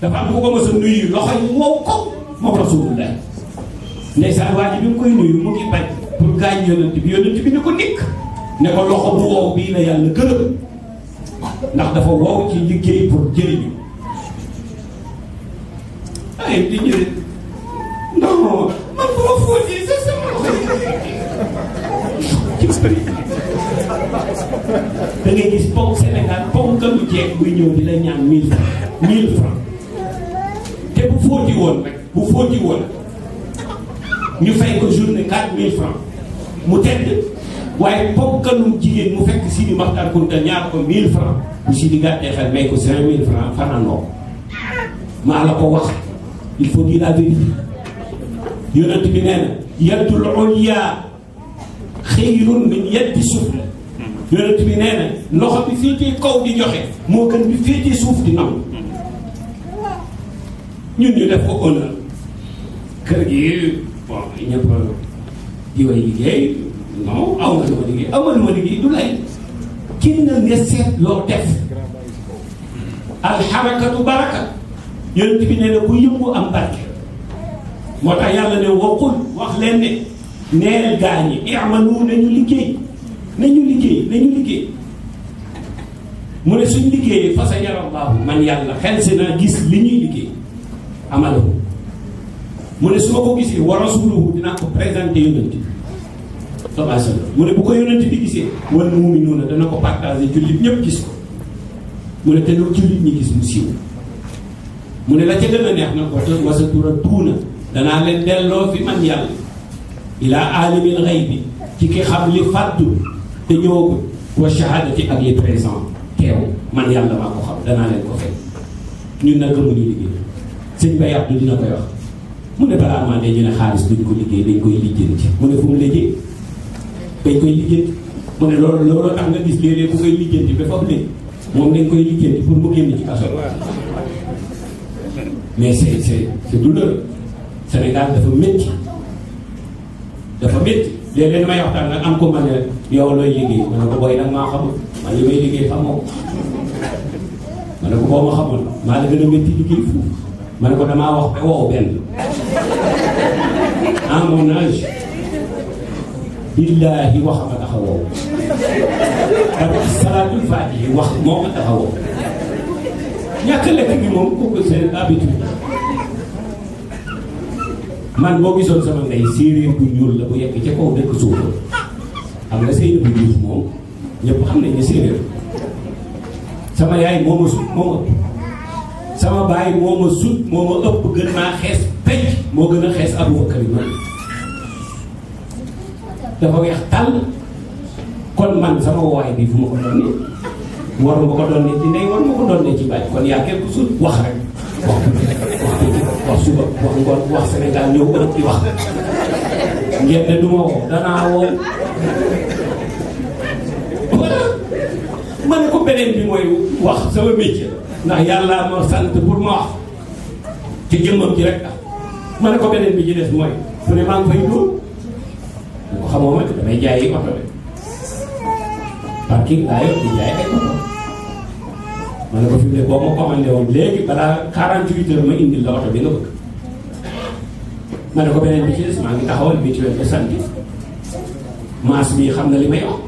dafa am ko mos a nuyu loxo yi wow ko moom rasulullah ndeysaan waa ji bi mu koy nuyu mu ngi bañ pour gaañ yonent bi yonent bi ni ko nikk ne ko loxo bu wow bii la yàlla gërëm ndax dafa wow ci liggéey pour jëriñu ay di gis ponk Sénégal ponk lu jeeg buy ñëw di ñaan mille francs mille te bu fóoti woon rek bu fóoti woon ñu fay ko journée 4000 francs mu tedd waaye pokkalum jigéen mu fekk Sidi Maxtaar Kunta ñaar ko 1000 francs bu Sidi gàttee xel may ko 5000 francs fanaandoo maa la ko wax il faut dire la vérité yonent bi nee na yaddul ulya xayrun min yaddi sufla yonent bi nee loxo bi féetee kaw di joxe moo gën bi féetee suuf di nangu ñun ñu def ko honneur kër gi bon ñëpp di liggéey non aw ma dama liggéey aw ma liggéey du lay na nga seet loo def alxarakatu baraka yonent bi nee na bu yëngu am barke moo tax yàlla ne waxul wax leen ne neel gaa ñi i'malu nañu liggéey nañu liggéey nañu liggéey mu ne suñ liggéeyee fa yaram baabu man yàlla xel si naa gis li ñuy liggéey amalahu mu ne su ma ko gisee wa rasuluhu dinaa ko présenté yonent bi sallallahu mu ne bu ko yonent bi gisee wal mu'minuuna dana ko partagé ko mu ne jullit ñi gis mu siiw mu ne la ca gën a neex nag wata wasatura tuuna danaa leen delloo fi man yàlla ilaa aalimil ghaybi ci ki xam li fàddu te ñëwagul wa shahadati ak li présent teew man yàlla maa ko xam danaa leen ko fay ñun nag gëmuñu liggéey sëñ Baye Abdou dina koy wax mu ne balaa maa dee ñu xaalis duñ ko liggéey dañ koy lijjanti mu ne fu mu liggéey dañ koy lijjanti mu ne loolu looloo ba foofu moom dañ koy lijjanti pour mu génn ci kaso mais c'est c'est c'est douloureux Sénégal dafa métti dafa métti léeg-léeg damay waxtaan nag am ko ma ne yow looy liggéey ma ne ko booy nag maa xamul man li may liggéey xamoo ma ne ko boo ma xamoon maa la gën a liggéey foofu ma ne ko damaa wax ba wow benn à mon âge billaahi wax ma tax a wow dafa salaatul faatihi wax moo ma tax a wow ñàkk lekk gi moom kooku seen habitude man boo gisoon sama ndey séeréer bu ñuul la bu yegg ca kaw dëkk suuf xam nga séeréer bu ñuul moom ñëpp xam nañ ne séeréer sama yaay moo ma suuf moo sama baay moo ma sut moo ma ëpp gën maa xees pecc moo gën a xees Abubakar moo dafa weex tàll kon man sama waay bi fu ma ko doon ne waru ko doon ne ndey waru ma ko doon ci baay kon yaa kenn ku sut wax rek wax wax suba wax ngoon wax Sénégal ñëw Europe di wax ngeen ne du ma woo danaa woo man ko beneen bi mooy wax sama métier ndax yàllaa ma sant pour ma wax ci jëmmam ji rek ah ko beneen bi ci des mooy su ne maa ngi fay dóor bu ma damay jaay yi oto de parking laa yor di ay oto ko fi mu ne boo ma commandé woon léegi balaa 48 heures ma indil la oto bi nga bëgg ma ko beneen bi ci des maa taxawal bi ci wàllu sant maas bi xam na li ma wax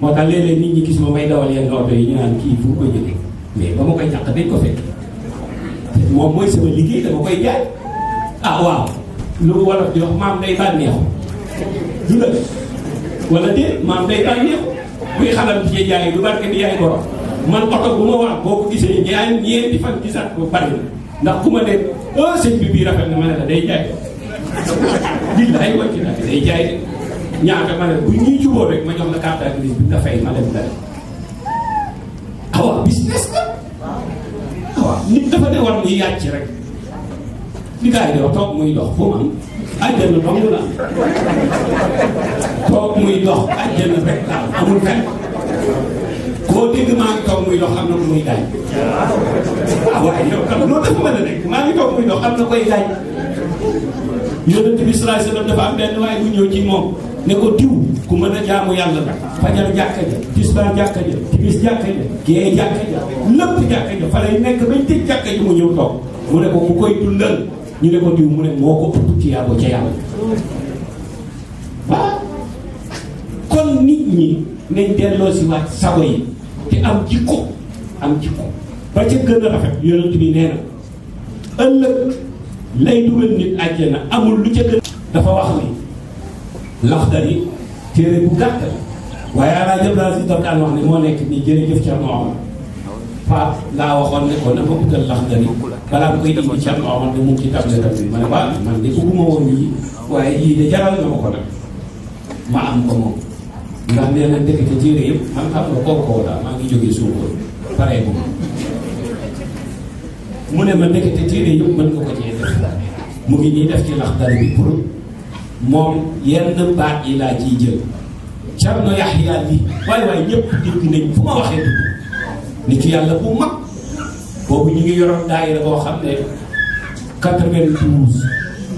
moo tax léeg-léeg nit ñi gis ma may dawal yenn oto yi ñu naan kii fu ko mais ba ah, ma koy ñàkk dañ ko fekk moom mooy sama liggéey dama koy jaay ah waaw lu wolof di wax maam day bànneexu du la wala déet maam day bànneexu buy xalam ci jaay du barke di yaay borom man oto bu ma wax boo ko gisee jaay ñeenti fan gisaat ndax ku ma ne ah sëñ bi bii na ma ne la day jaay billaay wàcc na day jaay de ñaata ma ne bu ñuy jubóo rek ma jox la carte d'identité bi nga fay ma dem dara waaw business la waaw nit dafa de war muy yàcc rek li gars yi di wax toog muy dox fu mu am àjjana dong la toog muy dox àjjana rek la amul fenn boo dégg maa ngi toog muy dox am na ko muy gaañ. waaw ah, waaye yow tam loolu dafa mën a nekk maa ngi yonent bi sallallahu alayhi wasallam dafa am benn waay bu ñëw ci moom ne ko diw ku mën a jaamu yàlla la fajar jàkka ja tisbaar jàkka ja timis jàkka ja gee jàkka ja lépp jàkka ja fa lay nekk bañ tëj jàkka ji mu ñëw toog mu ne ko ku koy dundal ñu ne ko diw mu ne moo ko ëpp ci yàlla ca yàlla waaw kon nit ñi nañ delloo si waat sago yi te am jikko am jikko ba ca gën a rafet yonent bi nee na ëllëg lay dugal nit àjjana amul lu ca dafa wax ni Laxdari téere bu gàtt la waaye ala jëbra si daan wax ne moo nekk nii jërëjëf ca moom Pape laa waxoon ne ko na ma utal Laxdari balaa bu da mu ci ma ne waaw de bëgguma woon yii waaye yii de jaral na ma ko nag ma am ko moom ndax nee na ndekete téere yëpp xam-xam nga kooku koo daa maa ngi jógee suuf paree bu ma mu ne ma nekkati téere yëpp mën nga ko cee def mu ngi nii def ci laxdar bi pour moom yenn baat yi laa ciy jël Cerno Yaxya bi waaye waaye ñëpp dégg nañ fu ma waxee dugg nit yàlla bu mag boobu ñu ngi yoroon daayira boo xam ne 92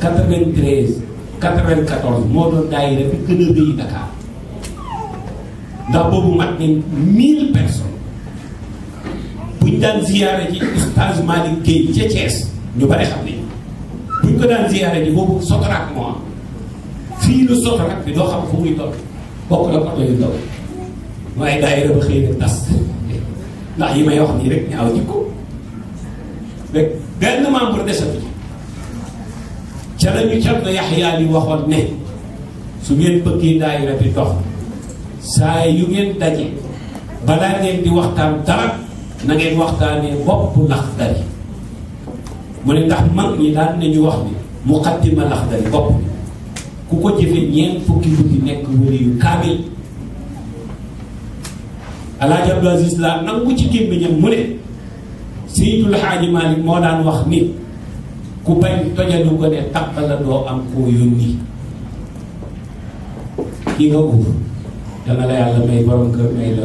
93 94 moo doon daayira bi gën a rëy Dakar ndax boobu mat nañ 1000 personnes. bu ñu daan ziyaare ji Oustaz Malick Guèye ca Thiès ñu bari xam ne bu ñu ko daan ziyaare ji boobu sotoraak moo am fii lu sotoraak bi doo xam fu muy bokk la oto yu ndaw waaye daayira ba xëy na tas ndax yi may wax nii rek ñaaw jikko rek benn membre desatu ci ca lañu cat na Yaxya li waxoon ne su ngeen bëggee daayira bi dox saa yu ngeen daje balaa ngeen di waxtaan dara nangeen ngeen waxtaanee bopp laxdari mu ne ndax man ñi daan nañu wax ni muqaddima laxdari bopp bi ku ko jëfe ñeent fukki guddi nekk wëri yu kaamil alaaji Abdou Aziz la nangu ci gémmiñam mu ne Seydul Xaaji Maalik moo daan wax ni ku bañ tojalu ko ne tàq la doo am koo yónni ki nga uuf dana la yàlla may borom kër may la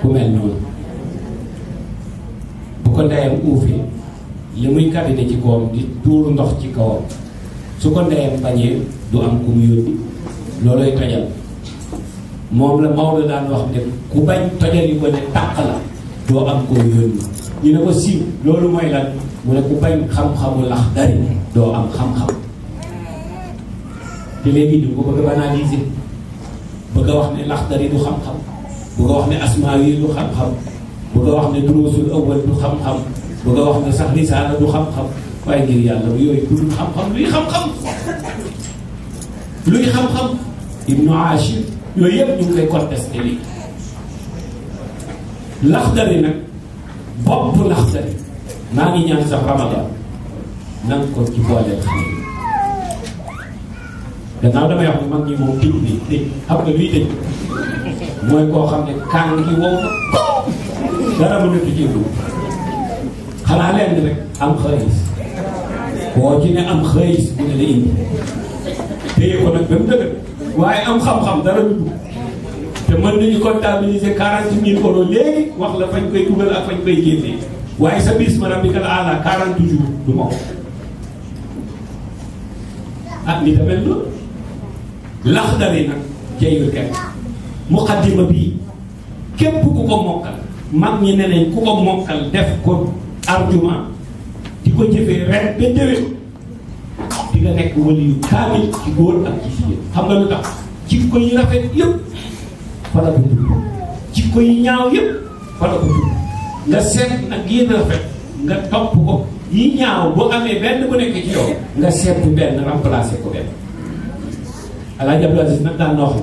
ku mel noonu ko ndeyam uufee li muy kabine ci kawam di tuuru ndox ci kaw su ko ndeyam bañee du am ku mu yónni looloy tojal moom la Maodo daan wax ne ku bañ tojal yi ko ne tàq la doo am ko mu yónni ñu ne ko si loolu mooy lan mu ne ku bañ xam-xamu lax doo am xam-xam te léegi ñu ko bëgg a banaliser bëgg a wax ne laxdari du xam-xam bëgg a wax ne asmaa yi du xam-xam bëgg a wax ne duruusul awal du xam-xam bëgg a wax ne sax lisaana du xam-xam waaye ngir yàlla bu yooyu bu dul xam-xam luy xam-xam luy xam-xam ibnu Aashir yooyu yëpp ñu ngi koy contesté lii laxdari nag bopp laxdari maa ngi ñaan sax ramadan na nga ko ci booleel xale yi gannaaw damay wax ne mag ñi moom tëj bi tëj xam nga luy mooy koo xam ne kàng gi wow na dara mënatu ci dugg xanaa leen rek am xaalis koo ci ne am xaalis bu ne la indi téye ko nag ba mu dëgër waaye am xam-xam dara du dugg te mën nañu comptabiliser quarante mille euros léegi wax la fañ koy dugal ak fañ koy génnee waaye sa bis maanaam bi kala àlla quarante jours du ma ko ah ni tamit loolu lax dare nag jayul kenn muqaddima bi képp ku ko mokkal mag ñi ne nañ ku ko mokkal def ko argument di ko jëfee ren di nga nekk waliyu kaamil ci góor ak ci jigéen xam nga lu tax jikko yi rafet yëpp fa la ko dugg jikko yi ñaaw yëpp fa la ko dugg nga seet nag yéen rafet nga topp ko yi ñaaw bu amee benn bu nekk ci yow nga seet benn remplacer ko benn Alaaji Abdou Aziz nag daan na wax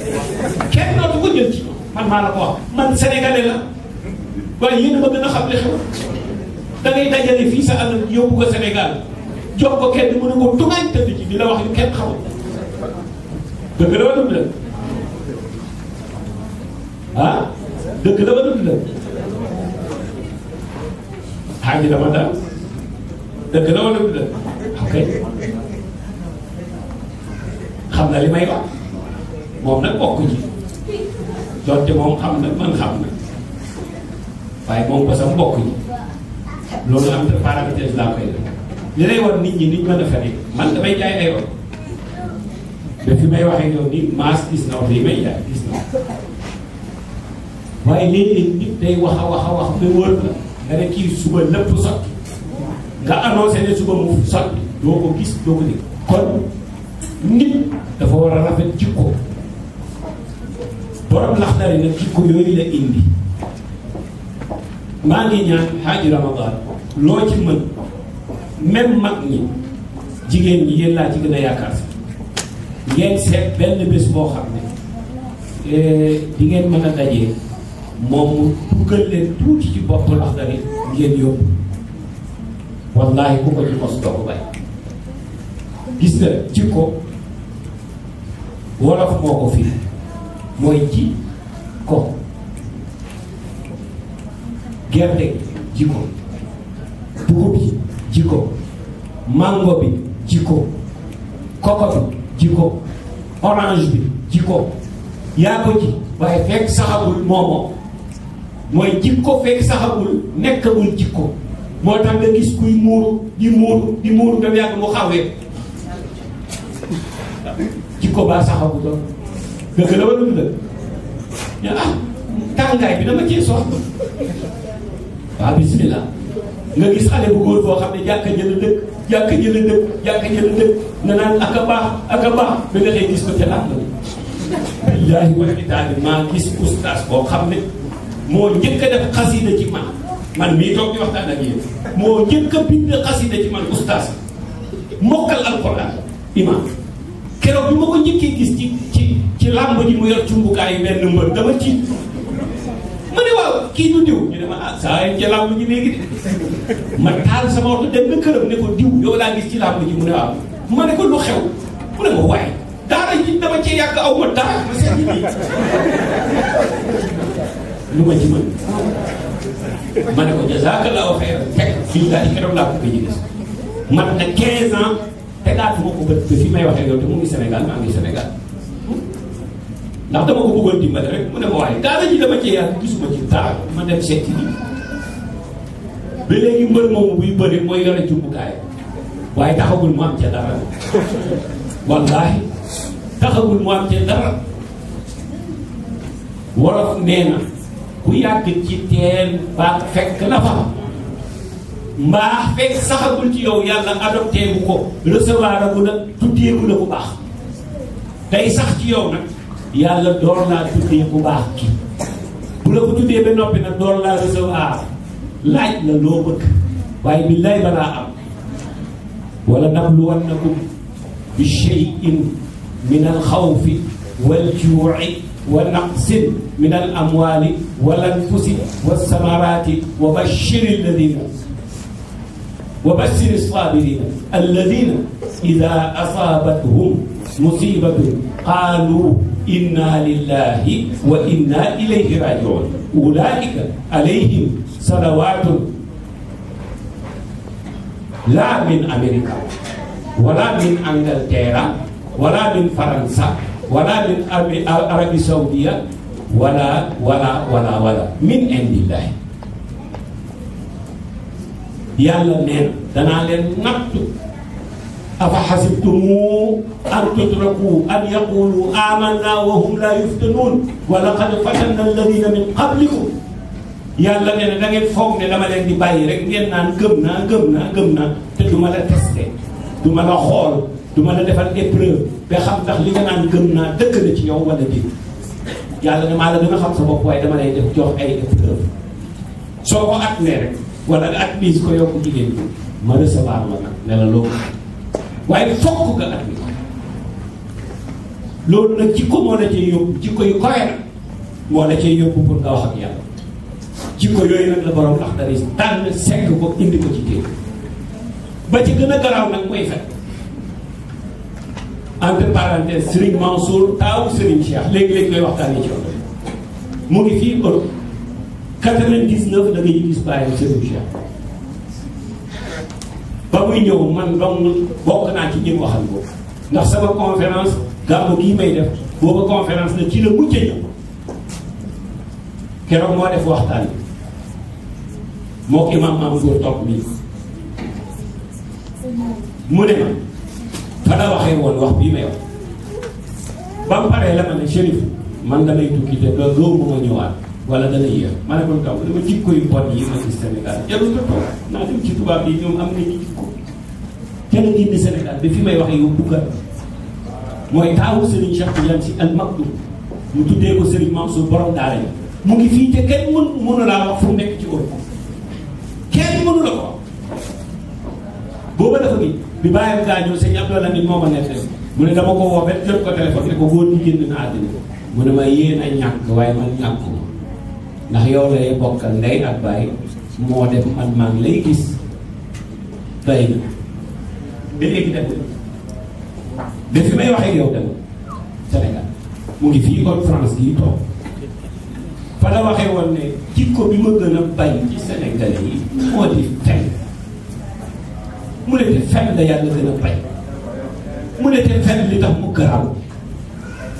kenn dootu ko jël ci man maa la ko wax man sénégalais la waaye yéen a ma xam li xew da ngay dajale fii sa alal yóbbu ko Sénégal jox ko kenn mën a ko tuŋaañ tëdd ci di la wax yu kenn xamul dëgg la wala du dëgg ah dëgg la wala du dëgg xaaji dama daal dëgg la xam na li may moom nag bokk ci donte moom xam na man xam na waaye moom ba sam bokk ci loolu entre parenthèse laa koy def li lay war nit ñi niñ mën a fenee man damay jaay ay oto ba fi may waxee yow nii maas gis na oto yi may jaay gis na waaye léeg-léeg nit day wax a wax a wax ba wër la nga ne kii suba lépp sotti nga annoncé ne suba mu sotti doo ko gis doo ko dégg kon nit dafa war a a jikko borom laxdari nag jikko yooyu la indi maa ngi ñaan xaaji ramadan loo ci mën même mag ñi jigéen ñi laa ci gën a yaakaar si ngeen seet benn bés boo xam ne di eh, ngeen mën a dajee moom mu duggal leen tuuti ci bopp laxdari ngeen yóbbu wallaahi ku ko ci mos doo bay gis na jikko wolof moo ko fii mooy ji ko gerte ji ko dugub ji ko mango bi ji ko koko bi ji ko orange bi ji ko yaa ko ji waaye fekk saxagul moomoo mooy jikko fekk saxagul nekkagul jikko moo tax nga gis kuy muuru di muuru di muuru dam yàgg mu xawee jikko baa saxaguloon dëgg la wala du dëgg ñu ah tàngaay bi dama cee soxla waaw bismillah nga gis xale bu góor boo xam ne jàkka jënd dëkk jàkka jënd dëkk jàkka ak a baax ak a baax nga xëy gis ko ca làmb la billaahi maa gis oustaz boo xam ne moo njëkk a def xasida ci man man mii toog di waxtaan ak moo njëkk a bind xasida ci man oustaz mokkal alquran imam keroog bi ma ko njëkkee gis ci ci ci làmb ji mu yor cumbukaay yi benn mbër dama ci ma ne waaw kii du diw ñu ne ma ah, saa yi ci làmb ji léegi de ma taal sama oto dem ba këram ne ko diw yow laa gis ci làmb ji mu ne waaw ma ne ko lu xew mu ne ma ci mën ne ko jazakallahu xayran teg fii daal keroog laa ko gëj a gis mat na 15 ans tegaatuma ko bët ba fi may waxee yow te mu ngi Sénégal maa ngi Sénégal. ndax dama ko bëggoon dimbale rek mu ne ko waaye daara ji dama cee yàgg gisuma ci dara ma dem seeti bi ba léegi mbër moomu buy bëri mooy yore jumbukaay waaye taxagul mu am ca dara wallaahi taxagul mu am ca dara wolof nee na ku yàgg ci teen baax fekk na fa mbaax fekk saxagul ci yow yàlla adopté bu ko recevoir bu la tuddee bu la bu baax day sax ci yow nag yàlla door naa tuddee bu baax ki bu la ko tuddee ba noppi nag door laa recevoir laaj la loo bëgg waaye billaay balaa am wala nabluwannakum bi shay'in min al xawfi wal juu'i wa naqsin min al amwaali wal anfusi was samaraati wa bashiri alladina wa bashiri sabirina alladina ida asaabathum musibatun qaalu inna lillahi wa inna ilayhi rajiun ulaika alayhim salawatun la min america wala min angleterre wala min faransa wala min arabi saudia wala wala wala wala min indillahi yàlla neen danaa leen nattu afa xasibtumu an tutraku an yaqulu amanna wa hum la yuftanun wa laqad fatanna alladina na da ngeen foog ne dama leen di bàyyi rek ngeen naan gëm naa gëm naa gëm naa ma la testé du ma la xool du ma la defal épreuve ba li nga naan naa dëkk ci yow wala déet a xam sa waaye dama lay def jox ay épreuve soo ko at waaye fokk nga at mi loolu nag jikko moo la ci yóbbu jikko yu koy nag moo la cee yóbbu pour nga wax ak yàlla jikko yooyu nag la borom Laxdari tànn sekk ko indi ko ci téere ba ci gën a garaaw nag mooy fet entre parenthèse Serigne Mansour taaw Serigne Cheikh léegi-léegi koy waxtaanee ci wàllu mu ngi fii Europe 99 da ngay gis bàyyi Serigne Cheikh. ba muy ñëw man dong bokk naa ci ñi wax waxal ko ndax sama conférence gàmmu gii may def booba conférence la ci la mujj ñëw keroog moo def waxtaan bi moo imaam maam góor topp bi mu ne ma fa la waxee woon wax bii may wax ba la ma ne Chérif man damay tukki te loolu ma ñëwaat wala dana yéex ma ne ko taw li ma jikko yu bon yi ma gis Sénégal jarul ko naa dem ci tubaab yi ñoom am nañu jikko kenn génn mu ko ngi fii te kenn mën mënu laa wax fu mu nekk ci Europe kenn mënu la ko wax booba dafa nekk mu ne dama ko woo ba ko téléphone ne ko góor ñi génn na àddina mu ne ma yéen a waaye man ñàkk ko ndax yow lay bokkal ndey ak baay moo def man maa ngi lay gis doy na ba léegi dem ba fi may wax ak yow dem Sénégal mu ngi fii kon France gii toog fa la waxee woon ne jikko bi ma gën a bañ ci Sénégalais yi moo di fen mu ne te fen la yàlla gën a bañ mu ne te fen li tax mu garaaw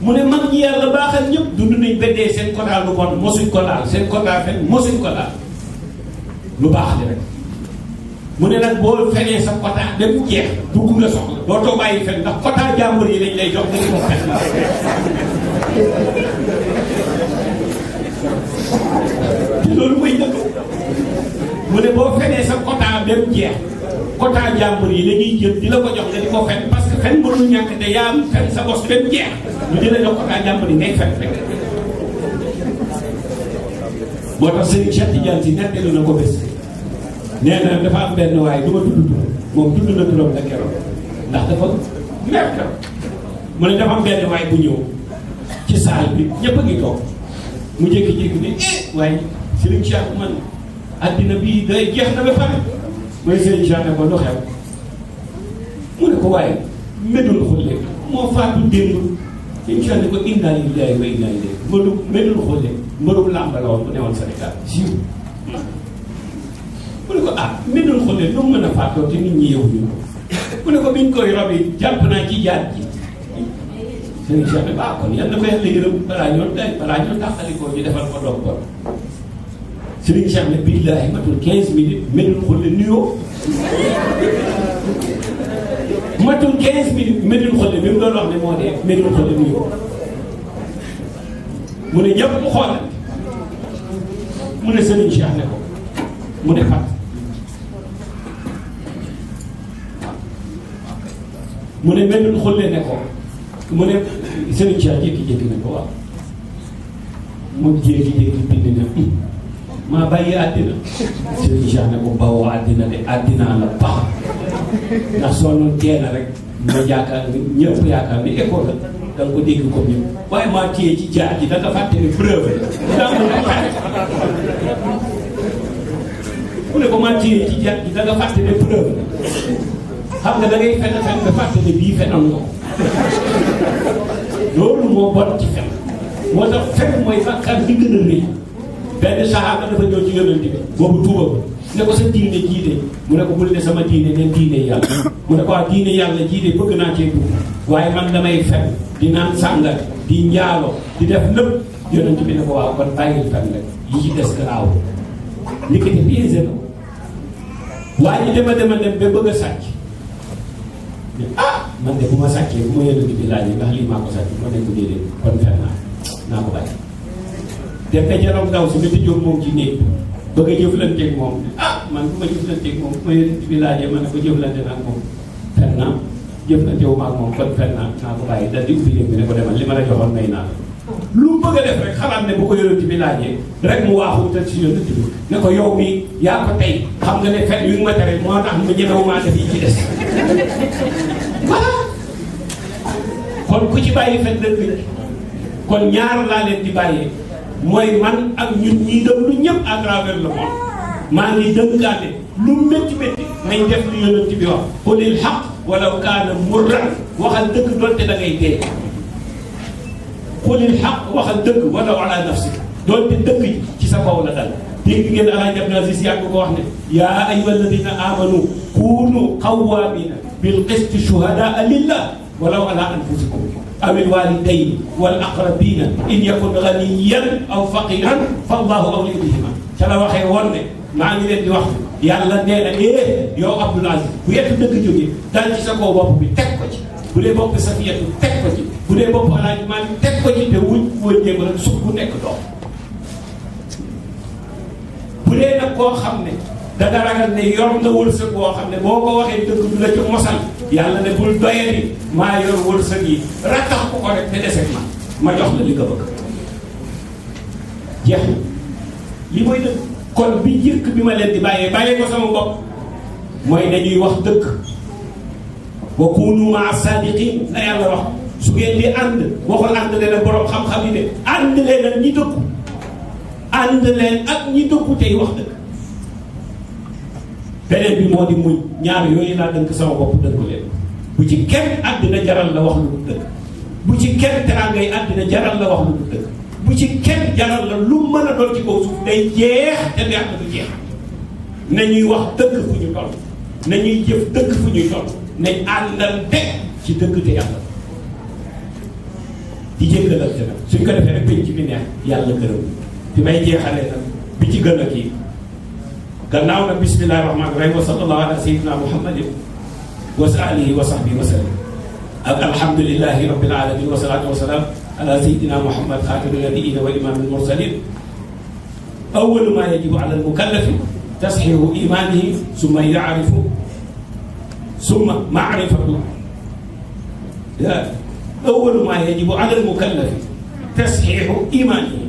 mu ne mag ñi yàlla baaxal ñëpp dund nañ beddee seen kotaal lu bon mosuñ ko laal seen kotaal fen mosuñ ko lu baax li rek mu ne nag boo fenee sa kotaa dem jeex dugg nga soxla doo too bàyyi fen ndax kotaa jàmbur yi lañ lay jox dañu ko fen te loolu mooy fenee sa kotaa dem jeex quota jàmbur yi dañuy jël di ko jox nga di ko fen parce que fen mënul ñàkk te yaa am fen sa bos benn jeex ñu dina jox quota jàmbur yi ngay fen rek. moo tax Serigne Cheikh Tidiane si nettali na ko bés bii eh, day jeex na ba pare. mooy sëriñ Cheikh ne ko lu mu ne ko waaye mbedul xulle moo faatu démb sëriñ Cheikh ne ko innaa lillaahi wa innaa ilayhi mbëru mbedul xulle mbërum làmb la woon bu newoon Sénégal siiw mu ne ko ah mbedul xulle lu mën a faatoo te nit ñi yow ñu mu ne ko biñ koy rob yi jàpp naa ci jaat ji sëriñ Cheikh ne ko ah kon yal na ko yàlla yërëm balaa ñoo day balaa ñoo dàqali koo ñu defal ko doog bon Serigne Cheikh ne billaahi matul 15 minutes Médoune Khoule nuyoo matul 15 minutes Médoune Khoule bi mu doon wax ne moo dee Médoune Khoule nuyoo mu ne ñëpp mu xoolal mu ne Serigne Cheikh ne ko mu ne fat mu ne Médoune Khoule ne ko mu ne Serigne Cheikh jékki-jékki ne ko waaw moom jékki-jékki bind na maa bàyyi àddina Serigne Cheikh ne ko bawoo de àddinaa la baax ndax soo noonu teel a rek ma yaakaar ni ñëpp yaakaar ni école la da nga ko dégg comme ñëpp waaye maa téye ci jaar ji da nga fàtte ne preuve la ne ko maa téye ci jaar ji da nga ne preuve la xam nga da ngay fen fen nga fàtte ne bii fen am na loolu moo bon ci fen moo tax fen mooy bàkkaar bi gën a rëy benn saxaaba dafa ñëw ci yonent bi boobu tuuba ko ne ko sa diine jiite mu ne ko bul ne sama diine ne diine yàlla mu ne ko waa diine yàlla jiite bëgg naa cee dugg waaye man damay fen di naan sàngar di njaalo di def lépp yonent bi ne ko waaw kon bàyyil fen rek yi ci des garaaw li ko te piégé na waaye ñu de ma sàccee ma yonent bi laajee ndax lii maa ma ne ko déedéet kon fen naa naa ko bàyyi dem na ca daw si ba tëjoo moom ci bëgg a jëflanteeg moom ah man bu ma jëflanteeg moom bu ma yéen bi laajee ma ne moom fen naa jëflante wu ma moom kon fen naa naa ko bàyyi dal ubbi néeg ne ko demal li ma la joxoon may naa lu bëgg a def rek xalaat ne bu ko yonent bi laajee rek mu waaxu te si yonent ne ko yow mi yaa ko tey xam nga ne fen yu ma tere moo tax ma ñemewu maa def ci des kon ku ci bàyyi fen dëgg kon ñaar laa leen di bàyyee mooy man ak ñun ñii dem lu ñëpp à travers le monde maa ngi dënkaate lu métti métti nañ def lu yonent bi wax qulil xaq walaw kaana murran waxal dëgg donte da ngay dee qulil xaq waxal dëgg walaw ala nafsik donte dëgg ji ci sa kaw la dal dégg ngeen alaaj Abdulaziz yàgg ko wax ne yaa ayyuha alladina amanu kunu qawwamina bil qisti shuhadaa lillah walaw ala anfusikum awil walidayn wal aqrabina in yakun ganiyan aw faqiran fa allahu awliya bihima ca la waxee woon ne maa ngi leen di wax yàlla nee na eh yow Abdoul bu yett dëgg jógee dal ci sa kaw bopp bi teg ko ci bu dee bopp Safiyatu teg ko ci bu dee bopp Alaaji Maalik teg ko ci te wuñ wëññeeku rek suuf nekk doom bu dee nag koo xam ne danga ragal ne yor na wërsëg boo xam ne boo ko waxee dëgg du la ci yàlla ne bul doyadi maa yor wërsëg yi rattax ko ko rek te deseeg ma ma jox la li nga bëgg jeex li mooy dëgg kon bi jëkk bi ma leen di bàyyee bàyyee ko sama bopp mooy dañuy wax dëkk wa kunu maa sadiqin na yàlla wax su ngeen di ànd waxul ànd leen ak xam-xam yi de ànd ñi dëkku ànd leen ak ñi dëkku tey wax dëgg beneen bi moo di muñ ñaar yooyu laa dënk sama bopp dënk leen bu ci kenn àddina jaral la wax lu du dëgg bu ci kenn teraangay jaral la wax lu ci kenn jaral la lu mën a doon ci kaw suuf day jeex te neex na du jeex na ñuy wax dëgg fu ñu toll na ñuy jëf dëgg fu ñuy toll nañ àndante ci dëgg di jéggalante suñ ko defee rek pénc bi neex yàlla gërëm bi may jeexalee nag bi ci gën a kii gannaaw nag bismillahi rahmaani rahim wa sallallahu ala sayyidina muhammadin wa alihi wa sahbihi wa sallam ak alhamdulillahi rabbil alamin wa salatu wa salam ala sayyidina muhammad xaatimi nabiina wa imam almursalin awalu ma yajibu ala almukallafi tasxihu imanihi summa yaarifu summa maarifatu awalu ma yajibu ala almukallafi tasxihu imanihi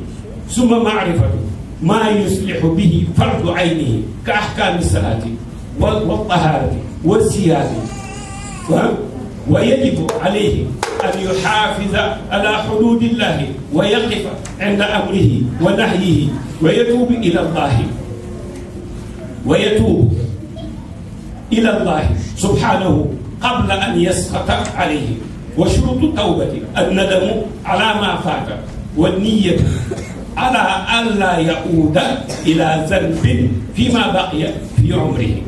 summa maarifatu maa yuslihu bihi fardu aynihi ka ahkaami salaati wa wa tahaarati wa siyaadi wa yajibu alayhi an yuxaafida ala xuduudillahi wa yaqifa inda amrihi wa nahyihi wa yatuubu ila allahi wa yatuubu ila allahi subhanahu qabla an yasqata alayhi wa shuruutu tawbati annadamu ala maa faata wa niyatu ala alla yauda ila zanbin fi ma baqiya fi umrihi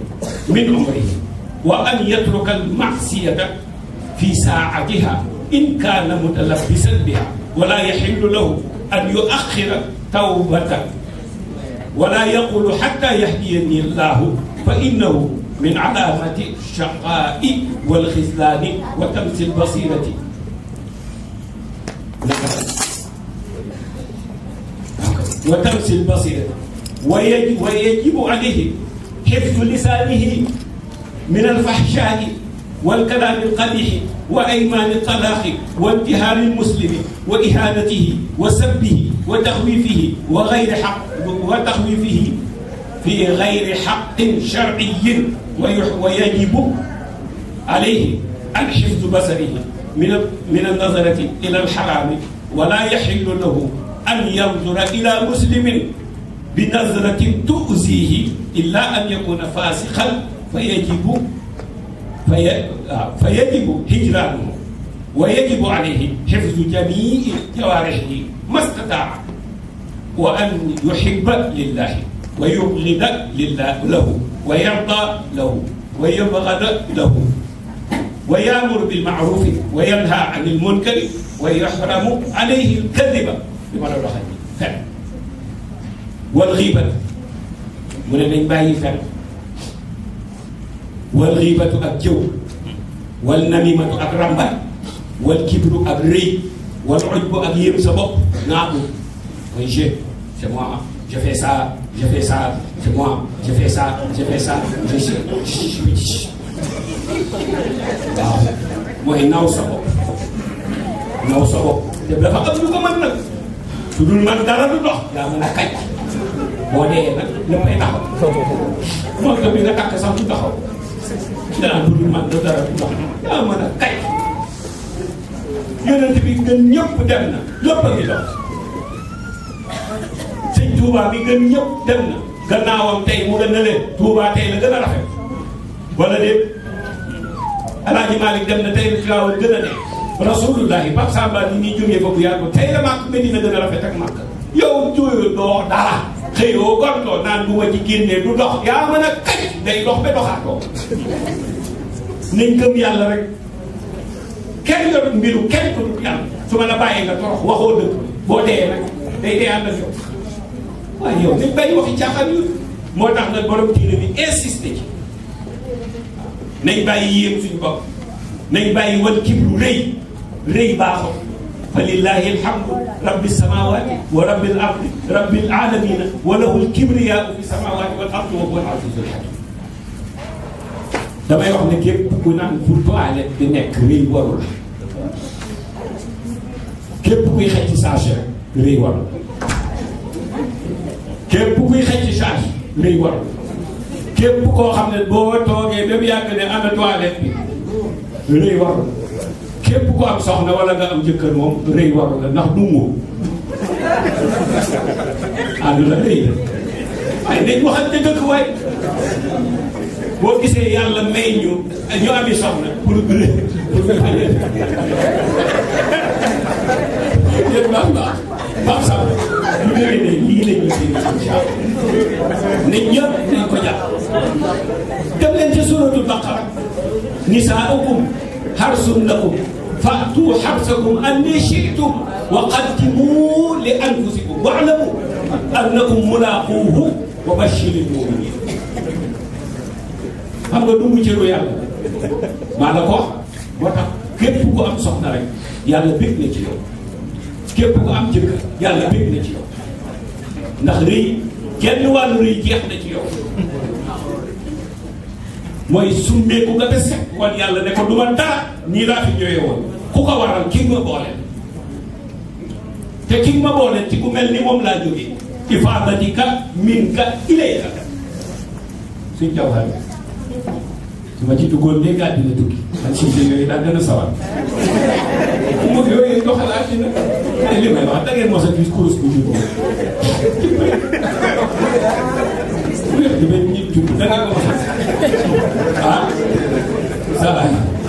min umrihi wa an yatruka almasiyata fi saatiha in kaana mutalabbisan biha wala yaxillu lahu an yuaxira tawbata wala yaqulu xata yahdiyani allahu fa innahu min alaamati shaqaa'i wal xislaani wa tamsil basirati وتمسي البصيرة ويجب, ويجب عليه حفظ لسانه من الفحشاء والكلام القبيح وأيمان الطلاق وانتهار المسلم وإهانته وسبه وتخويفه وغير حق وتخويفه في غير حق شرعي ويجب عليه أن حفظ بصره من من النظرة إلى الحرام ولا يحل له an yanzura ila muslimin bi nazratin tuusihi illa an yakuna fasixan fa yajibu fa fa yajibu hijranuhu wa yajibu alayhi xifzu jamii jawaarixihi mastataa wa an yuhibba lillahi wa yublida lillahi lahu wa yarda lahu wa yabgada lahu wa yaamuru bilmaarufi wa yanha anil munkari wa yaxramu alayhi alkadiba li ma la waxee fen wal xiibatu mu ne nañ bàyyi fen wal xiibatu ak jëw wal namimatu ak ràmbaay wal kibru ak rëy wal ujbu ak yéem sa bopp naa ko mooy je c'est moi je fais ça je fais ça c'est moi je fais ça naw sa naw sa bopp te dafa ko mën nag su dul man dara du dox daa mën a kàcc boo dee nag léppay taxaw moom tamit nga kàkk sax du taxaw danaa bu dul man da dara du dox daa mën a kàcc yonent bi gën ñëpp dem na lépp a ngi dox sëñ Touba bi gën ñëpp dem na gannaawam tey mu gën na leen Touba tey la gën a rafet wala déet Alaaji Malick dem na tey Tiwaawan gën a nekk rasulullahi Pape Samba ni ñuy jógee foofu yaa ko tey la màkk Medina dana rafet ak màkk yow tuuti doo dara xëyoo gontoo naan bu ma ci génnee du dox yaa mën a kañ day dox ba doxaatoo nañ gëm yàlla rek kenn yorut mbiru kenn ko dut yàlla su ma a bàyyee nga torox waxoo dëgg boo dee nag day dee ànd ak yow waaye yow nañ bàyyi waxi caaxaan yu moo tax nag borom diine bi insisté ci nañ bàyyi yéem suñu bopp nañ bàyyi wan kib lu rëy rëy baaxul fa lillahi alhamdu rabbi samawati wa rabbil ardi rabbil alamina wa lahul kibriyaau fi samawati wal ardi wa huwa al azizul hakim damay wax ne képp ku naan pour toilette nekk rëy warul képp kuy xëcc charge rëy warul képp kuy xëcc charge rëy warul képp koo xam ne boo toogee ba mu yàgg ne ana toilette bi rëy warul képp ku am soxna wala nga am jëkkër moom rëy waru la ndax dungu àdduna rëy la waaye dañ waxante dëkk waaye boo gisee yàlla may ñu ñu ami soxna pour gën yéen baax baax baax sax lu ñëwee ne lii lañ ñu dégg incha allah ne ñëpp nañ ko jàpp dem leen ca suratul baqara nisaa'ukum harsun lakum فأتوا حبسكم أني شئتم وقدموا لأنفسكم واعلموا أنكم ملاقوه وبشر المؤمنين xam nga du mu cëru yàlla maa la ko wax moo tax képp ku am soxna rek yàlla bég na ci yow képp ku am jëkkër yàlla bég na ci yow ndax rëy genn wàllu rëy jeex na ci yow mooy summeeku nga te set wan yàlla ne ko du ma dara nii laa fi ñëwee woon ku ko waral ki ma boole te ki ma boole ci ku ni moom laa jógee ifaadatika minka ilayka suñ jawhar bi su ma ci duggoon léegi àddina tukki man si si yooyu a ma yooyu doxal àddina te li may wax da ngeen mos a gis kurus bu ñu ko wér di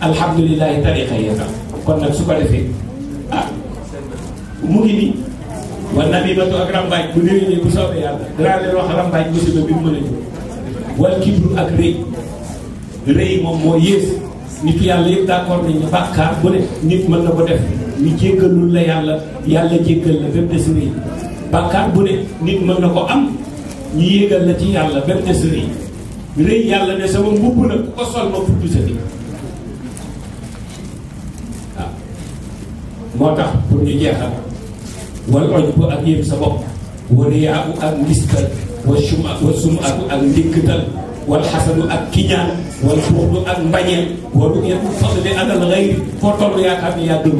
alhamdulilahi tariqa yi tax kon nag su ko defee ah mu ngi nii war na batu ak rambaaj bu déwénee bu soobee yàlla dinaa leen wax rambaaj musiba bi mu mën a ñëw wal kibru ak rëy rëy moom moo yées nit yàlla yëpp d'accord nañu bàkkaar bu ne nit mën na ko def ñu jéggalul la yàlla yàlla jéggal la bépp des rëy bàkkaar bu ne nit mën na ko am ñu yéegal la ci yàlla bépp des rëy rëy yàlla ne sama mbubb nag ko sol ma fudd sa bi moo tax pour ñu jeexal wal ojbu ak yéem sa bopp wa riyaabu ak ngistal wa suma wa sumaatu ak ndikktal wal xasanu ak kiñaan wal buxdu ak mbañeel wa du yem fadli alal xayri foo yaa xam ne yaa dëgg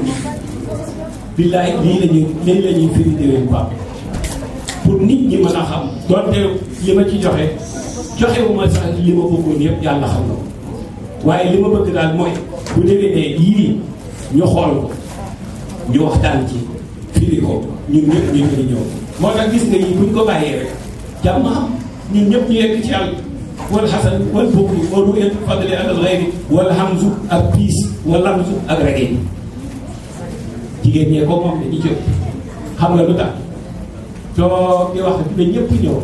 billaay lii la ñuy lii la ñuy firi déwén ba pour nit ñi mën a xam donte li ma ci joxe joxe sax li ma bëggoon yëpp yàlla xam na waaye li ma bëgg daal mooy bu déwénee yii ñu xool ko ñu waxtaan ci firi ko ñun ñëpp ñu ngi ñëw moo tax gis nga yi buñ ko bàyyee rek jàmm am ñun ñëpp ñu yegg ci yàlla wa ak piis wal hamzu ak reggae jigéen ñee ko moom dañuy jot xam nga lu tax soo di wax ba ñëpp ñëw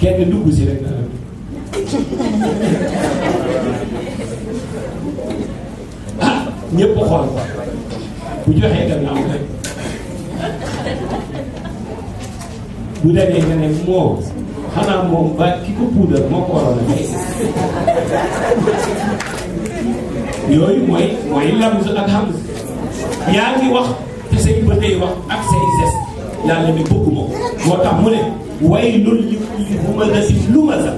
kenn dugg si bu joxee gannaaw rek bu demee nga ne moo xanaa moom ba ki ko puudar moo ko waroon a may yooyu mooy mooy lamz ak hamz yaa ngi wax te say bët yi wax ak say geste yàlla ne bëgguma ko moo tax mu ne waylun li kulli humazatin lumaza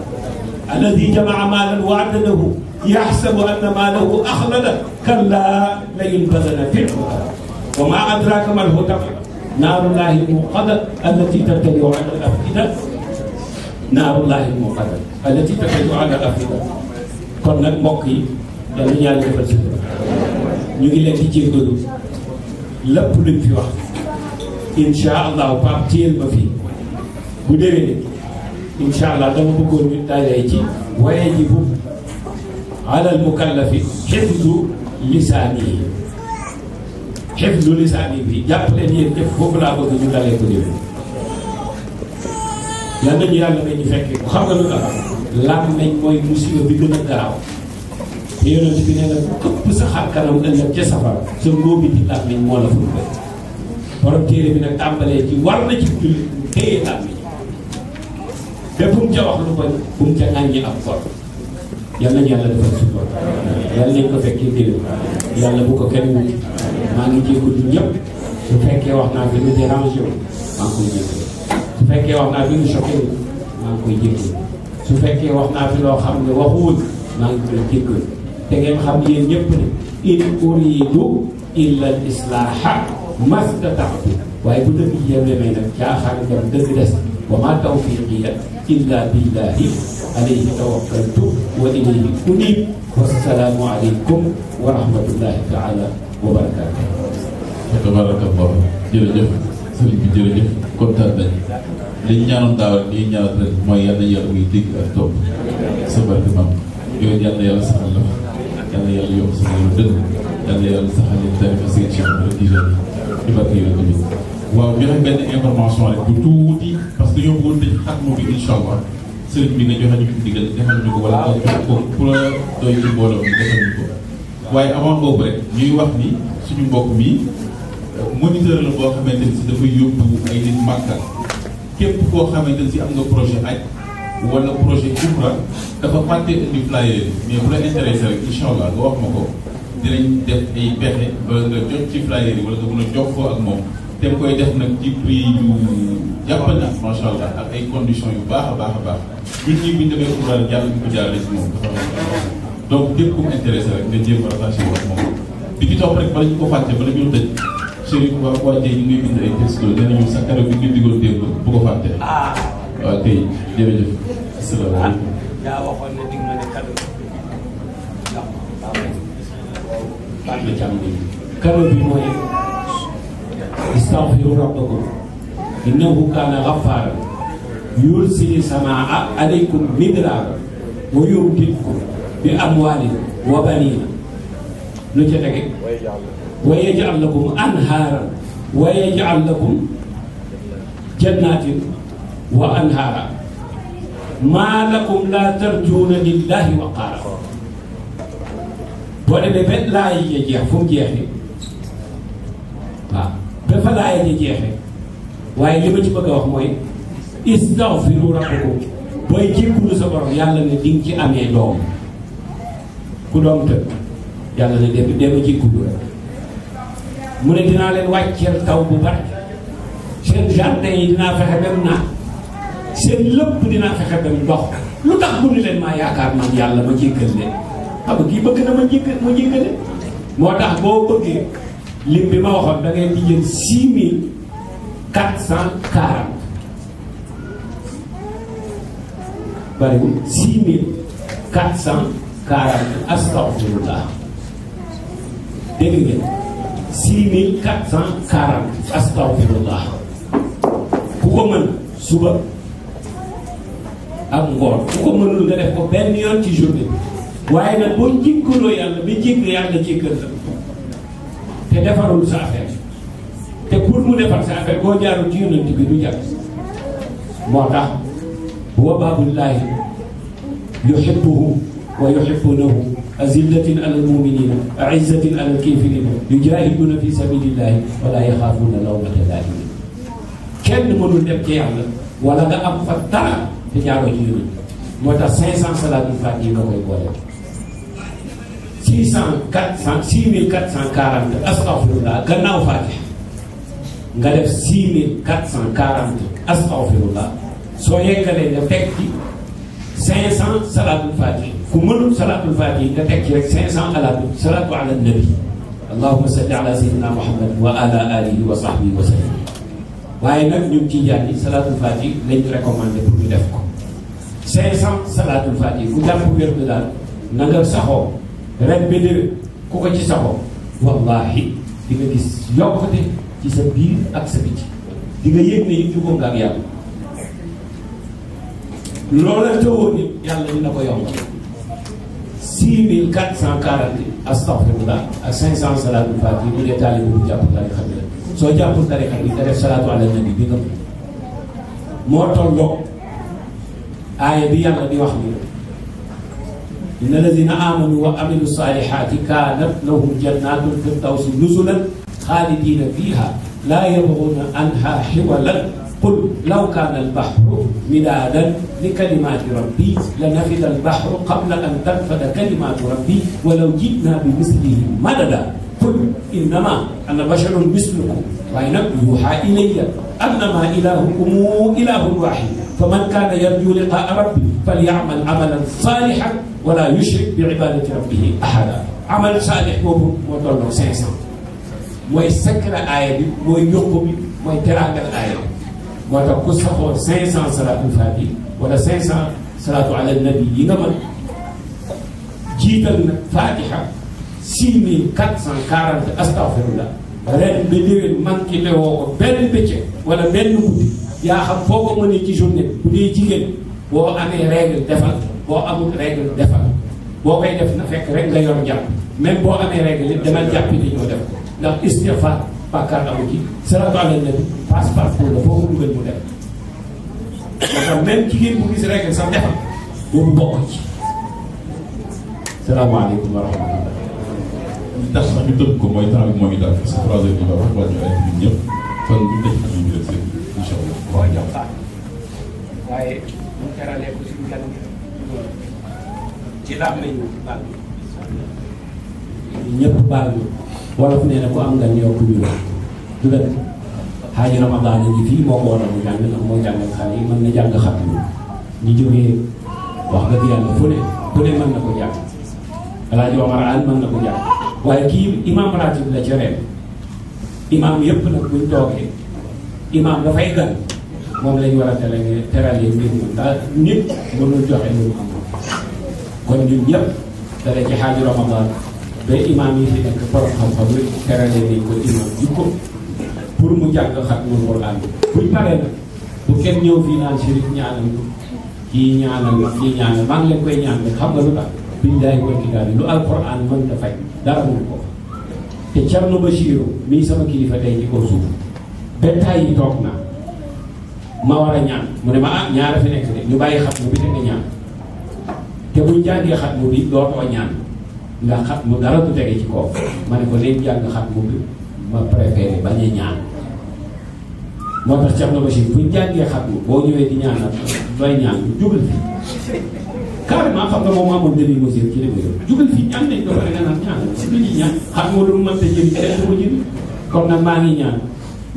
alladi jamaa maalan wa addadahu yaxsabu anna maalahu axlada kallaa layunbazanna fil wa maa adraaka mal hutab naarullaahi l-muuqada allatii tattali'u ala l-af'ida naarullaahi l-muuqada allatii tattali'u ala l-af'ida kon nag mbokk yi yàlla ñu yàlla defal sutura ñu ngi leen di jéggalu lépp luñ fi wax incha allah Pape téyel ma fii bu déwénee incha allah dama bëggoon ñu dalee ci wayajibu alal mukallafi xifdu lisaanihi xef lu lisaani bi jàpp leen yéen ñëpp foofu laa bëgg ñu dalee ko déwén yal nañu yàlla may ñu fekkee ko xam nga lu tax làmmiñ mooy musiba bi gën a garaaw te yonent bi nee na këpp sa xar kanam ëllëg ca safara sa ngóobi ci làmmiñ ci war na ci jullit mu téye te bu mu ca wax lu ko bu mu ca ŋàññi am kon yal nañu yàlla defal suñu bopp yal ko fekkee déwén yàlla bu ko kenn wuti maa ngi jégalu ñëpp su fekkee wax naa bi mu dérangé wu maa ngi koy jégalu su fekkee wax naa bi mu choqué wu maa ngi koy jégalu su fekkee wax naa fi loo xam ne waxuwul maa ngi koy jégalu te ngeen xam yéen ñëpp ne in uridu illa al islaaha mastata'tu waaye bu dëgg yemle may nag caaxaan dem dëgg des wa ma tawfiqiya illa billahi alayhi tawakkaltu wa ilayhi unib wassalaamu alaykum wa rahmatullahi taala wa barakaatu tabarakallah jërëjëf sëriñ bi jërëjëf kontaan nañ liñ ñaanoon daaw rek liñ ñaanal mooy yal yàlla muy dégg ak topp sa barke maam yooyu yal yàlla saxal la yal yàlla yokk sa yàlla dënn yal na yàlla saxal leen tarifa seen ci barke yonent bi waaw joxe benn information rek bu tuuti parce que yow bëggoon ñu fi ko wala jox ko ci mbooloo bi defal ñu ko waaye avant boobu rek ñuy wax ni suñu mbokk mi euh, moniteur la boo xamante ni si dafay yóbbu ay nit Màkka képp koo xamante ni am nga projet aj wala projet umra dafa fàtte indi flyer mais bu la intéressé rek incha allah wax ma ko dinañ def ay pexe ba nga jot ci flyer yi wala nga mën a jox ko ak moom te mu koy def nag ci prix yu jàppal na macha ak ay conditions yu baax a baax a baax ñun ñii bu ñu demee umra jàll ñu ko jaarale si moom dafa donc képp ku mu intéressé rek nga jéem a rattaché wax moom bi ki topp rek bala ñu ko fàtte bala ñu tëj Chérif waa waa Dieng ñu ngi bind ay texte nee nañu sa kàddu bi ñu digoon démb bu ko fàtte. Ah. waaw kay jërëjëf. asalaamaaleykum. yaa waxoon ne dig ma ne kàddu kàddu bi mooy istaghfiru rabbakum innahu kaana ghaffaaran yursil samaa alaykum midraaran wa yumdidkum bi amwaalin wa baniina lu ca ko wa yaj'al lakum anhaaran wa yaj'al lakum jannaatin wa anhaaran maa lakum laa tarjuuna lillaahi waqaaran boo demee ba laa yi ja jeex fu waaw ba fa laa yi waaye li ma ci bëgg a wax mooy istaghfiru rabbakum booy jéggulu sa borom yàlla ne di ci amee doom ku doom tëdd yàlla ne dem dem ci gudd mu ne dinaa leen wàcceel taw bu barke seen jardin yi dinaa fexe ba mu naat seen lépp dinaa fexe ba dox lu tax bu ni leen maa yaakaar man yàlla ma jéggal leen xam nga kii bëgg na ma jéggal ma jéggale moo tax boo bëggee lim bi ma waxoon da ngay di jël six quatre cent quarante bariwul six mille quatre cent quarante astaghfirullah dégg ngeen six mille quatre cent quarante astaghfirullah ku ko mën suba ak ngoon ku ko mënul nga def ko benn yoon ci journée bi waaye nag boo jikkaloo yàlla bi jikk yàlla jikkal la te defarul sa affaire te pour mu defar sa affaire boo jaarul ci yonent bi du jàpp moo tax wa babullahi yuhibbuhu ويحبونه أذلة على المؤمنين أعزة على الكافرين يجاهدون في سبيل الله ولا يخافون لومة لائم kenn mënul dem ca yàlla wala nga am fa dara te jaaroo ci yónni moo tax 500 salaatul faat yi nga koy boole 600 400 6440 astafirullah gannaaw faatiha nga def 6440 astafirullah soo yeggalee nga teg ci 500 salaatul faatiha ku mënul salaatul faatihi nga teg ci rek 500 alaatu salaatu ala nabi allahumma salli ala sayyidina muhammad wa ala alihi wa sahbihi wa sallam waaye nag ñun ci jaan yi salaatul faatihi lañ na nga saxoo ren ku ko ci saxoo wallahi di nga gis yokkute ci sa biir ak sa bitti di nga yëg ne it jubóom nga ak yàlla loola tëwoon it yàlla ko yombal. 6440 astafirullah ak 500 salaatul faati yi mu dee taalibe bu jàpp tarixa bi la soo jàppul tarixa bi nga def salaatu ala nabi bi nga moo tolloo aaya bi yàlla di wax ni inna alladina amanu wa amilu salihati kaanat lahum jannatul firdawsi nuzulan xaalidina fiha laa yabxuna anha xiwalan قل لو كان البحر مدادا لكلمات ربي لنفد البحر قبل أن تنفد كلمات ربي ولو جئنا بمثله مددا قل إنما أنا بشر مثلكم وإن يوحى إلي أنما إلهكم إله واحد فمن كان يرجو لقاء ربي فليعمل عملا صالحا ولا يشرك بعبادة ربه أحدا عمل صالح بوبو وطلعوا 500 mooy secret aaya bi mooy yokk bi mooy teraangal aaya bi moo tax ku saxoo 500 salaatul faati wala 500 salaatu ala nabi yi nga mën jiital nag faatiha 6440 astafirullah ren nga déwén manqué te woo ko benn bëccëg wala benn guddi yaa xam foo ko mënee ci journée bu dee jigéen boo amee règle defal boo amul règle defal boo koy def na fekk rek nga yor jàpp même boo amee règle demal jàpp ni ñoo def ko ndax istighfar bàkkaar amu ci salaatu ala nabi passe partout la foo ko dugal mu dem dafa même jigéen bu gis rek sax defal boobu bokk ci salaamaaleykum wa rahmatullah li tax sax ñu tënk ko mooy temps bi moom itam parce que 3 heures ñu wax war ñu ay nit ñëpp kon ñu tëj ak ñu ngi rek incha allah waaw jàpp waaye ñëpp baal ñu wolof nee na ku am nga ñëw ku ñu du dëkk xaaji Ramadan ñu fii moo ko waral mu jàng ndax moo jàngal xale yi na jàng xam ñu jógee wax dëgg yàlla fu ne fu ne mën na ko jàng El Hadj Omar Al mën na ko jàng waaye kii imaam ratib la ca ren imaam yëpp nag buñ toogee imaam dafay gan moom lañ war a tere terale mbir mi ndax nit mënul joxe lu mu am kon ñun ñëpp dara ci xaaji Ramadan ba imaam yi fi nekk borom xam-xam yi terale nañ ko imaam jikko pour mu jàng xatmul Qur'an buñ paree nag bu kenn ñëw fii naan Chérif ñaanal kii ñaanal kii ñaanal maa ngi leen koy ñaanal xam nga lu tax billaahi wal kitaabi lu alquran mën na fay dara mënu ko te Thierno Bachirou mii sama kilifa tey ci suuf ba tay yi toog na ma war a ñaan mu ne ma ah ñaara fi nekk de ñu bàyyi xatmu bi te nga ñaan te buñ jàngee xatmu bi dootoo nga xat mu dara du tege ci kaw ma ne ko léegi jàng xat mu ma préféré bañ a ñaan moo tax Cheikh na Bachir buñ jàngee xat mu boo ñëwee di ñaan ak doy ñaan jugal fi carrément li mu yor jugal fi ñaan nañ ko pare nga naan ñaan lu ñuy ñaan nga lu mu mënta jëriñ kenn du ko jëriñ kon nag maa ngi ñaan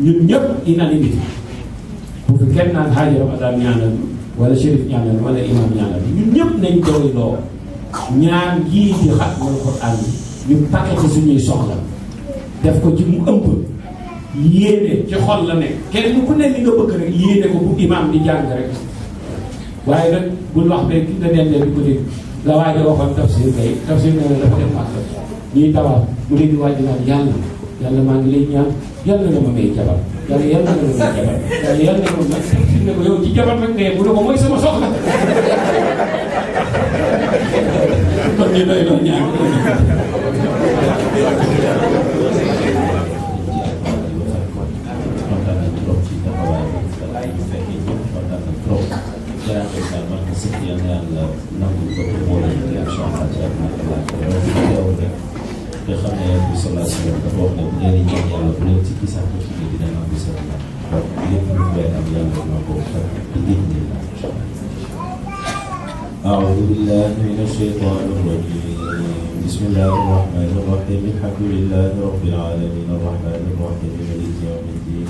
ñun ñëpp unanimité wala shérif ñaanal wala imam ñaanal ñun ñëpp nañ ñaan yii di xat wala Alxuraan bi ñu paqueté suñuy soxla def ko ci mu ëmb yéene ci xol la nekk kenn ku nekk li nga bëgg rek yéene ko bu imaam di jàng rek waaye nag bul wax be ki nga dendee di ko dégg nga waaye da waxoon tafsir kay tafsir na dafa dem ak ñuy tabax mu léegi waaj naan yàlla yàlla maa ngi lay ñaan yàlla na ma may jabar yàlla yàlla na may jabar yàlla yàlla na ma may ne ko yow jabar rek ne ne ko mooy sama tax ñu doy loo ñaar أعوذ بالله من الشيطان الرجيم بسم الله الرحمن الرحيم الحمد لله رب العالمين الرحمن الرحيم مالك يوم الدين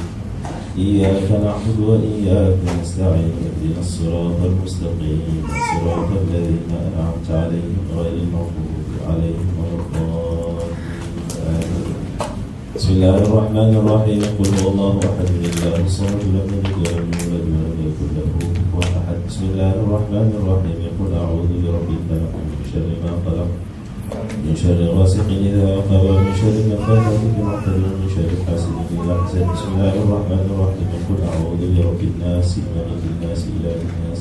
إياك نعبد وإياك نستعين اهدنا الصراط المستقيم صراط الذين أنعمت عليهم غير المغضوب عليهم ولا الضالين بسم الله الرحمن الرحيم قل هو الله أحد الله الصمد لم يلد ولم يولد ولم يكن له bismillahi irrahmani irrahimi qul audu bi rabbil falaq min sharri ma xalaq min sharri ghasiqin idha waqab min sharri nafathati fil 'uqad min sharri hasidin idha hasad bismillahi irrahmani irrahimi qul audu bi rabbin nas malikin nas ilahin nas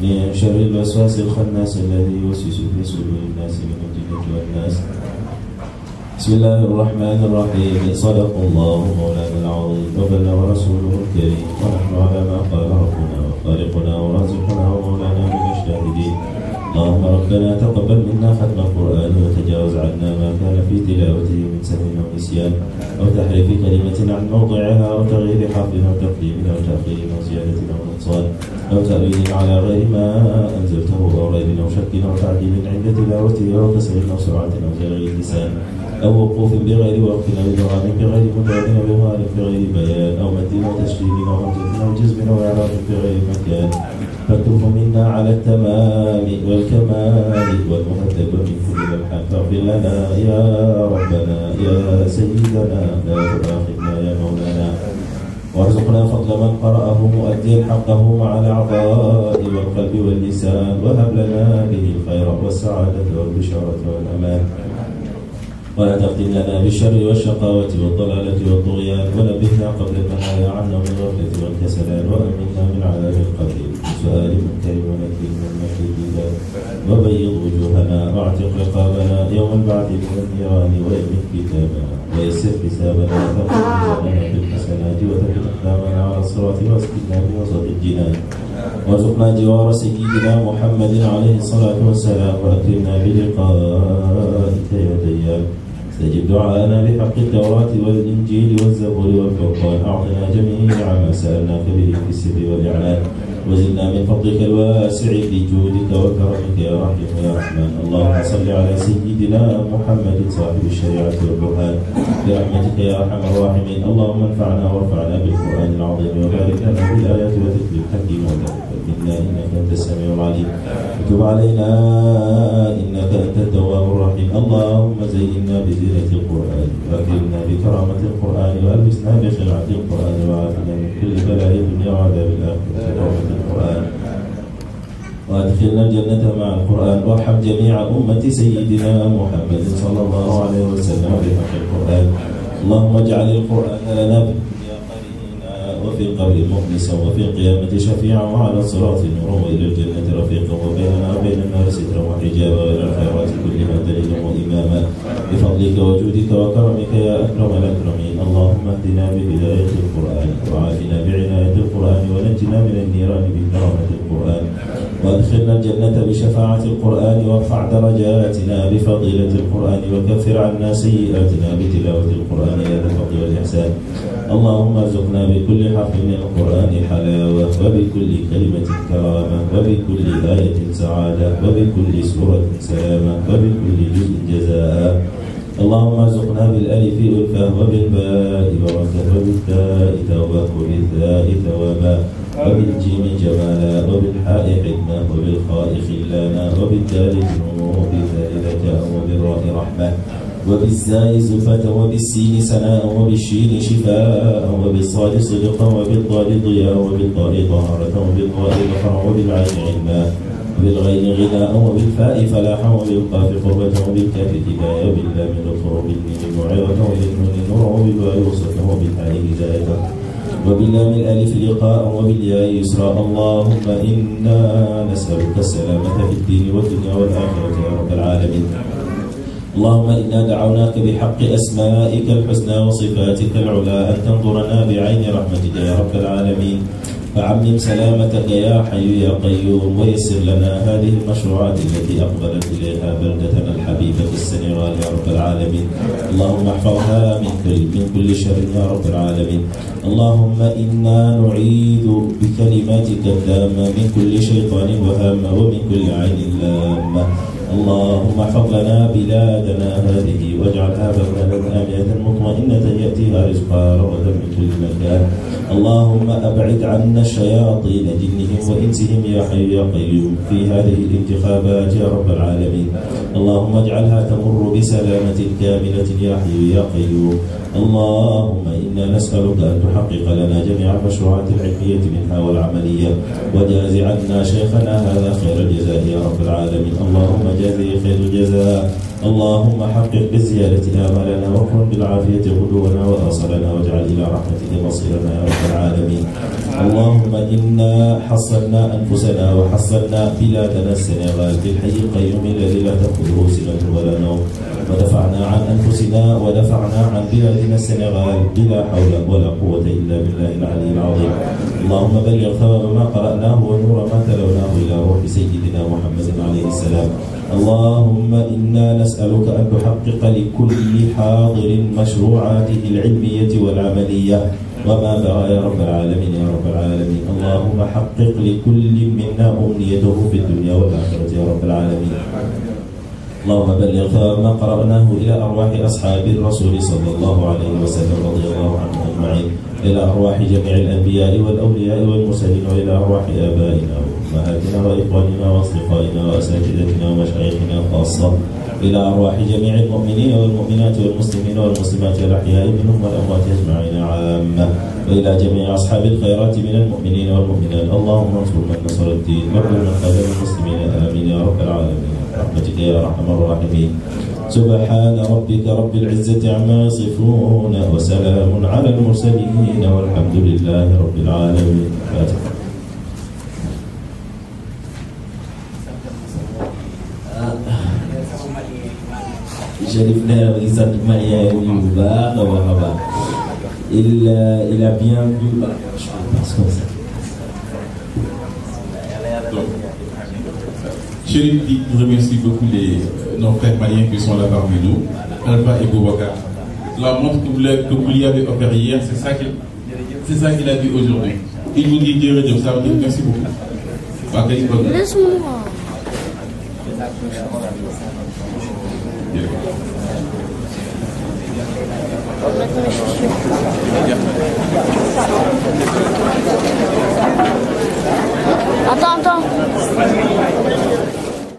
min sharri alwaswasi alkhannas alladhi yuwaswisu fi suduri nas min al-jinnati wan nas bismillahi irrahmani irrahimi sadaqa allahu mawlana al-'azim wa ballagha rasuluhu al-karim wa nahnu 'ala ma qala rabbuna ربنا ورزقنا اللهم ربنا تقبل منا ختم القرآن وتجاوز عنا ما كان في تلاوته من سهو أو نسيان أو تحريف كلمة عن موضعها أو تغيير حرف أو تقديم أو تأخير أو زيادة أو نقصان أو تأويل على غير ما أنزلته أو ريب أو شك أو تعديل عند تلاوته أو كسر أو سرعة أو زيادة لسان أو وقوف بغير وقف أو دعاء بغير مدعى أو بغير بيان أو مد أو تشكيل أو همزة أو جزم أو إعراب بغير مكان فكف منا على التمام والكمال والمهذب منه إلى الحق فاغفر لنا يا ربنا يا سيدنا لا تؤاخذنا يا مولانا وارزقنا فضل من قرأه مؤديا حقه مع الأعضاء والقلب واللسان وهب لنا به الخير والسعادة والبشارة والأمان ولا تفتننا بالشر والشقاوة والضلالة والطغيان ونبهنا قبل المنايا عنا من الغفلة والكسلان وأمنا من عذاب القبر سؤال من كريم ونكيل من مكيدنا وبيض وجوهنا واعتق رقابنا يوم البعث من النيران وأمن كتابنا ويسر حسابنا وثبت ميزاننا بالحسنات وثبت أقدامنا على الصراط واسكنا بوسط الجنان وارزقنا جوار سيدنا محمد عليه الصلاة والسلام وأكرمنا بلقائك يا ديان نجب دعاءنا بحق التوراة والإنجيل والزبور والفرقان أعطنا جميع ما سألناك به في السر والإعلان وزدنا من فضلك الواسع بجودك وكرمك يا رحيم يا رحمن اللهم صل على سيدنا محمد صاحب الشريعة والبرهان برحمتك يا أرحم الراحمين اللهم انفعنا وارفعنا بالقرآن العظيم وبارك لنا في الآيات وتتلو الحكيم وتوفيق بالله إنك أنت السميع العليم وتب علينا إنك أنت التواب الرحيم اللهم زينا بزينة القرآن وأكرمنا بكرامة القرآن وألبسنا بخلعة القرآن وعافنا من كل بلاء الدنيا وعذاب الآخرة بكرامة القرآن وأدخلنا الجنة مع القرآن وارحم جميع أمة سيدنا محمد صلى الله عليه وسلم بحق القرآن اللهم اجعل القرآن لنا وفي القبر مخلصا وفي القيامة شفيعا وعلى الصراط نورا وإلى الجنة رفيقا وبيننا وبين النار سترا وحجابا وإلى الخيرات كلها دليلا وإماما بفضلك وجودك وكرمك يا أكرم الأكرمين اللهم اهدنا بهداية القرآن وعافنا بعناية القرآن ونجنا من النيران بكرامة القرآن وادخلنا الجنة بشفاعة القرآن وارفع درجاتنا بفضيلة القرآن وكفر عنا سيئاتنا بتلاوة القرآن يا ذا الفضل والإحسان اللهم ارزقنا بكل بالحق من القرآن حلاوة وبكل كلمة كرامة وبكل آية سعادة وبكل سورة سلامة وبكل جزء جزاء اللهم ارزقنا بالالف ألفة وبالباء بركة وبالتاء توبة وبالذاء ثوابا وبالجيم جمالا وبالحاء حكمة وبالخاء خلانا وبالدال نور وبالذال ذكاء وبالراء رحمة وبالزاي زلفة وبالسين سناء وبالشين شفاء وبالصاد صدقا وبالضاد ضياء وبالطاء طهارة وبالقاء بحرا وبالعين علما وبالغين غناء وبالفاء فلاحا وبالقاف قربة وبالكاف هداية وباللام نصر وبالميم موعظة وبالنون نورا وبالواو وصفا وبالحاء هداية وباللام الألف لقاء وبالياء يسرا اللهم إنا نسألك السلامة في الدين والدنيا والآخرة يا رب العالمين اللهم إنا دعوناك بحق أسمائك الحسنى وصفاتك العلى أن تنظرنا بعين رحمتك يا رب العالمين فعمم سلامتك يا حي يا قيوم ويسر لنا هذه المشروعات التي أقبلت إليها بلدتنا الحبيبة في السنغال يا رب العالمين اللهم احفظها من كل من كل شر يا رب العالمين اللهم إنا نعيذ بكلماتك التامة من كل شيطان وهامة ومن كل عين لامة اللهم احفظ لنا بلادنا هذه واجعلها بلدا آمنة مطمئنة يأتيها رزقها رغدا من كل مكان اللهم أبعد عنا الشياطين جنهم وإنسهم يا حي يا قيوم في هذه الانتخابات يا رب العالمين اللهم اجعلها تمر بسلامة كاملة يا حي يا قيوم اللهم إنا نسألك أن تحقق لنا جميع المشروعات العلمية منها والعملية وجاز عنا شيخنا هذا خير الجزاء يا رب العالمين اللهم جازه خير الجزاء اللهم حقق بالزيادة آمالنا واكرم بالعافية غدونا وأصلنا واجعل إلى رحمتك مصيرنا يا رب العالمين اللهم إنا حصلنا أنفسنا وحصلنا بلادنا السنغال بالحي القيوم الذي لا تأخذه سنة ولا نوم ودفعنا عن أنفسنا ودفعنا عن بلادنا السنغال بلا حول ولا قوة إلا بالله العلي العظيم اللهم بلغ ثواب ما قرأناه ونور ما تلوناه إلى روح سيدنا محمد عليه السلام اللهم إنا نسألك أن تحقق لكل حاضر مشروعاته العلمية والعملية وما بغى يا رب العالمين يا رب العالمين اللهم حقق لكل منا أمنيته في الدنيا والآخرة يا رب العالمين اللهم بلغ ما قرأناه إلى أرواح أصحاب الرسول صلى الله عليه وسلم رضي الله عنهم أجمعين إلى أرواح جميع الأنبياء والأولياء والمرسلين وإلى أرواح آبائنا وأمهاتنا وإخواننا وأصدقائنا وأساتذتنا ومشايخنا خاصة إلى أرواح جميع المؤمنين والمؤمنات والمسلمين والمسلمات الأحياء منهم والأموات أجمعين عامة وإلى جميع أصحاب الخيرات من المؤمنين والمؤمنات اللهم انصر من نصر الدين واحمل من قدم المسلمين آمين يا رب العالمين برحمتك يا أرحم الراحمين سبحان ربك رب العزة عما يصفون وسلام على المرسلين والحمد لله رب العالمين فاتحة Chérif Nel mi ngi sant Malia yi bu baax a baax a baax il a bien vu. Chérie dit je remercie beaucoup les, euh, nos frères maliens qui sont là parmi nous, Alpha et Boubacar. La montre que vous, que vous lui avez offert hier, c'est ça qu'il c'est ça qu'il a dit aujourd'hui. Il vous dit jërëjëf, ça veut dire merci beaucoup. Waa kay kon. Laisse-moi. Attends, attends.